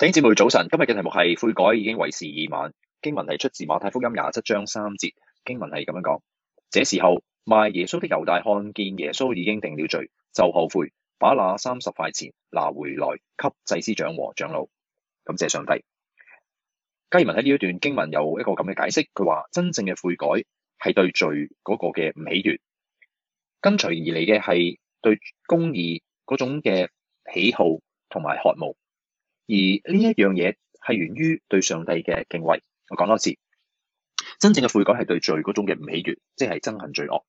弟兄姐妹早晨，今日嘅題目係悔改已經為時已晚。經文係出自馬太福音廿七章三節，經文係咁樣講：這時候賣耶穌的猶大看見耶穌已經定了罪，就後悔，把那三十塊錢拿回來給祭司長和長老。感謝上帝。加爾文喺呢一段經文有一個咁嘅解釋，佢話真正嘅悔改係對罪嗰個嘅唔喜悅，跟隨而嚟嘅係對公義嗰種嘅喜好同埋渴慕。而呢一樣嘢係源於對上帝嘅敬畏。我講多次，真正嘅悔改係對罪嗰種嘅唔喜悅，即係憎恨罪惡。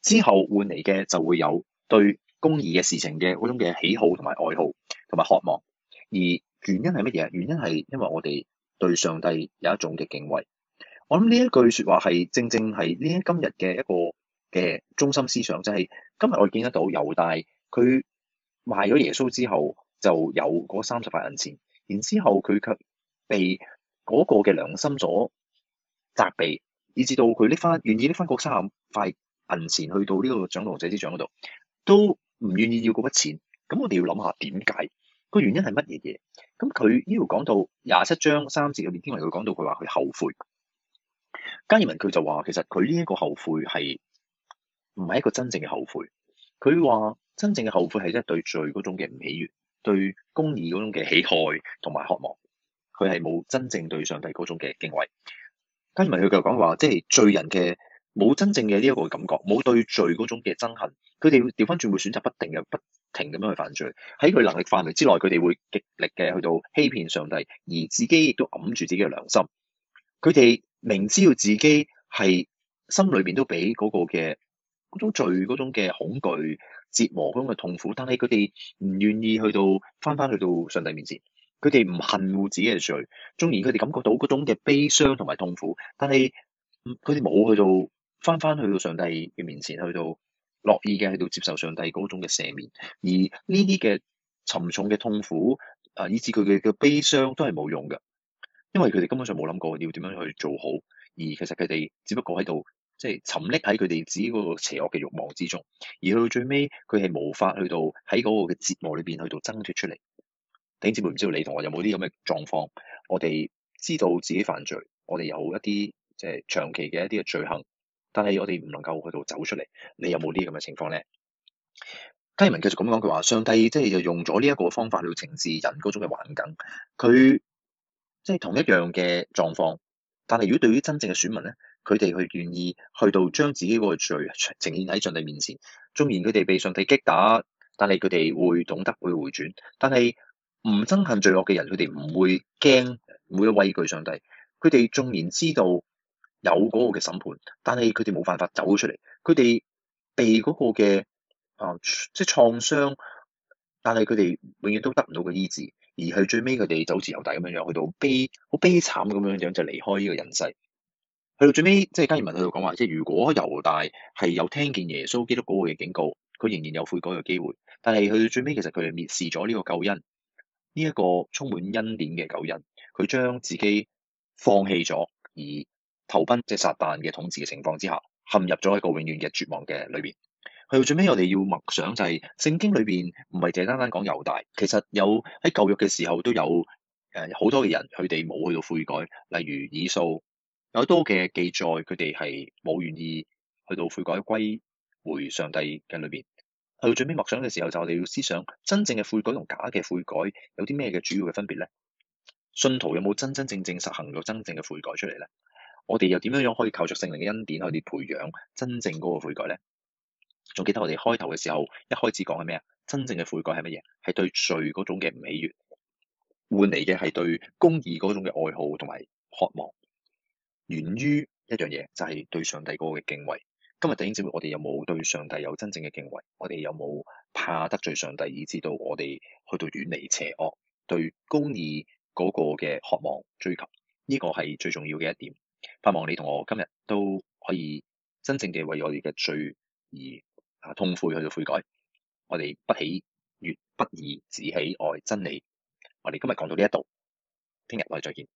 之後換嚟嘅就會有對公義嘅事情嘅嗰種嘅喜好同埋愛好同埋渴望。而原因係乜嘢？原因係因為我哋對上帝有一種嘅敬畏。我諗呢一句説話係正正係呢今日嘅一個嘅中心思想，就係今日我見得到猶大佢賣咗耶穌之後就有嗰三十塊銀錢。然之後，佢卻被嗰個嘅良心所責備，以至到佢搦翻願意拎翻嗰三十塊銀錢去到呢個長老、祭司長嗰度，都唔願意要嗰筆錢。咁我哋要諗下點解個原因係乜嘢嘢？咁佢呢度講到廿七章三節入面，經文佢講到佢話佢後悔。加爾文佢就話，其實佢呢一個後悔係唔係一個真正嘅後悔？佢話真正嘅後悔係即係對罪嗰種嘅唔喜悦。對公義嗰種嘅喜愛同埋渴望，佢係冇真正對上帝嗰種嘅敬畏。跟住咪佢繼續講話，即係罪人嘅冇真正嘅呢一個感覺，冇對罪嗰種嘅憎恨，佢哋會掉返轉，會選擇不斷嘅不停咁樣去犯罪。喺佢能力範圍之內，佢哋會極力嘅去到欺騙上帝，而自己亦都揞住自己嘅良心。佢哋明知道自己係心裏邊都俾嗰個嘅。嗰種罪嗰種嘅恐懼、折磨、嗰種嘅痛苦，但係佢哋唔願意去到返返去到上帝面前，佢哋唔恨惡自己嘅罪，縱然佢哋感覺到嗰種嘅悲傷同埋痛苦，但係佢哋冇去到返返去到上帝嘅面前，去到樂意嘅去到接受上帝嗰種嘅赦免，而呢啲嘅沉重嘅痛苦啊、呃，以致佢哋嘅悲傷都係冇用嘅，因為佢哋根本上冇諗過要點樣去做好，而其實佢哋只不過喺度。即係沉溺喺佢哋自己嗰個邪惡嘅欲望之中，而去到最尾，佢係無法去到喺嗰個嘅折磨裏邊去到掙脫出嚟。弟兄們，唔知道你同我有冇啲咁嘅狀況？我哋知道自己犯罪，我哋有一啲即係長期嘅一啲嘅罪行，但係我哋唔能夠去到走出嚟。你有冇啲咁嘅情況咧？加爾文繼續咁講，佢話上帝即係就用咗呢一個方法去懲治人嗰種嘅頑梗，佢即係同一樣嘅狀況，但係如果對於真正嘅選民咧？佢哋佢願意去到將自己個罪呈現喺上帝面前，縱然佢哋被上帝擊打，但係佢哋會懂得會回轉。但係唔憎恨罪惡嘅人，佢哋唔會驚，唔會畏懼上帝。佢哋縱然知道有嗰個嘅審判，但係佢哋冇辦法走出嚟。佢哋被嗰個嘅啊、呃，即係創傷，但係佢哋永遠都得唔到個醫治，而係最尾佢哋就好似猶大咁樣樣，去到悲好悲慘咁樣樣就離開呢個人世。去到最尾，即係加爾文喺度講話，即係如果猶大係有聽見耶穌基督教會嘅警告，佢仍然有悔改嘅機會。但係去到最尾，其實佢哋蔑視咗呢個救恩，呢、這、一個充滿恩典嘅救恩。佢將自己放棄咗而投奔即係撒但嘅統治嘅情況之下，陷入咗一個永遠嘅絕望嘅裏邊。去到最尾，我哋要默想就係、是、聖經裏邊唔係淨係單單講猶大，其實有喺舊約嘅時候都有誒好、呃、多嘅人，佢哋冇去到悔改，例如以掃。有好多嘅記載，佢哋係冇願意去到悔改歸回上帝嘅裏邊。去到最尾默想嘅時候，就我哋要思想真正嘅悔改同假嘅悔改有啲咩嘅主要嘅分別咧？信徒有冇真真正正實行咗真正嘅悔改出嚟咧？我哋又點樣樣可以靠着聖靈嘅恩典去嚟培養真正嗰個悔改咧？仲記得我哋開頭嘅時候一開始講係咩啊？真正嘅悔改係乜嘢？係對罪嗰種嘅唔喜悅換嚟嘅係對公義嗰種嘅愛好同埋渴望。源於一樣嘢，就係、是、對上帝嗰個嘅敬畏。今日弟兄姊妹，我哋有冇對上帝有真正嘅敬畏？我哋有冇怕得罪上帝，以致到我哋去到遠離邪惡、對公義嗰個嘅渴望追求？呢、這個係最重要嘅一點。盼望你同我今日都可以真正嘅為我哋嘅罪而啊痛悔去到悔改。我哋不喜悅、不義，只喜愛真理。我哋今日講到呢一度，聽日我哋再見。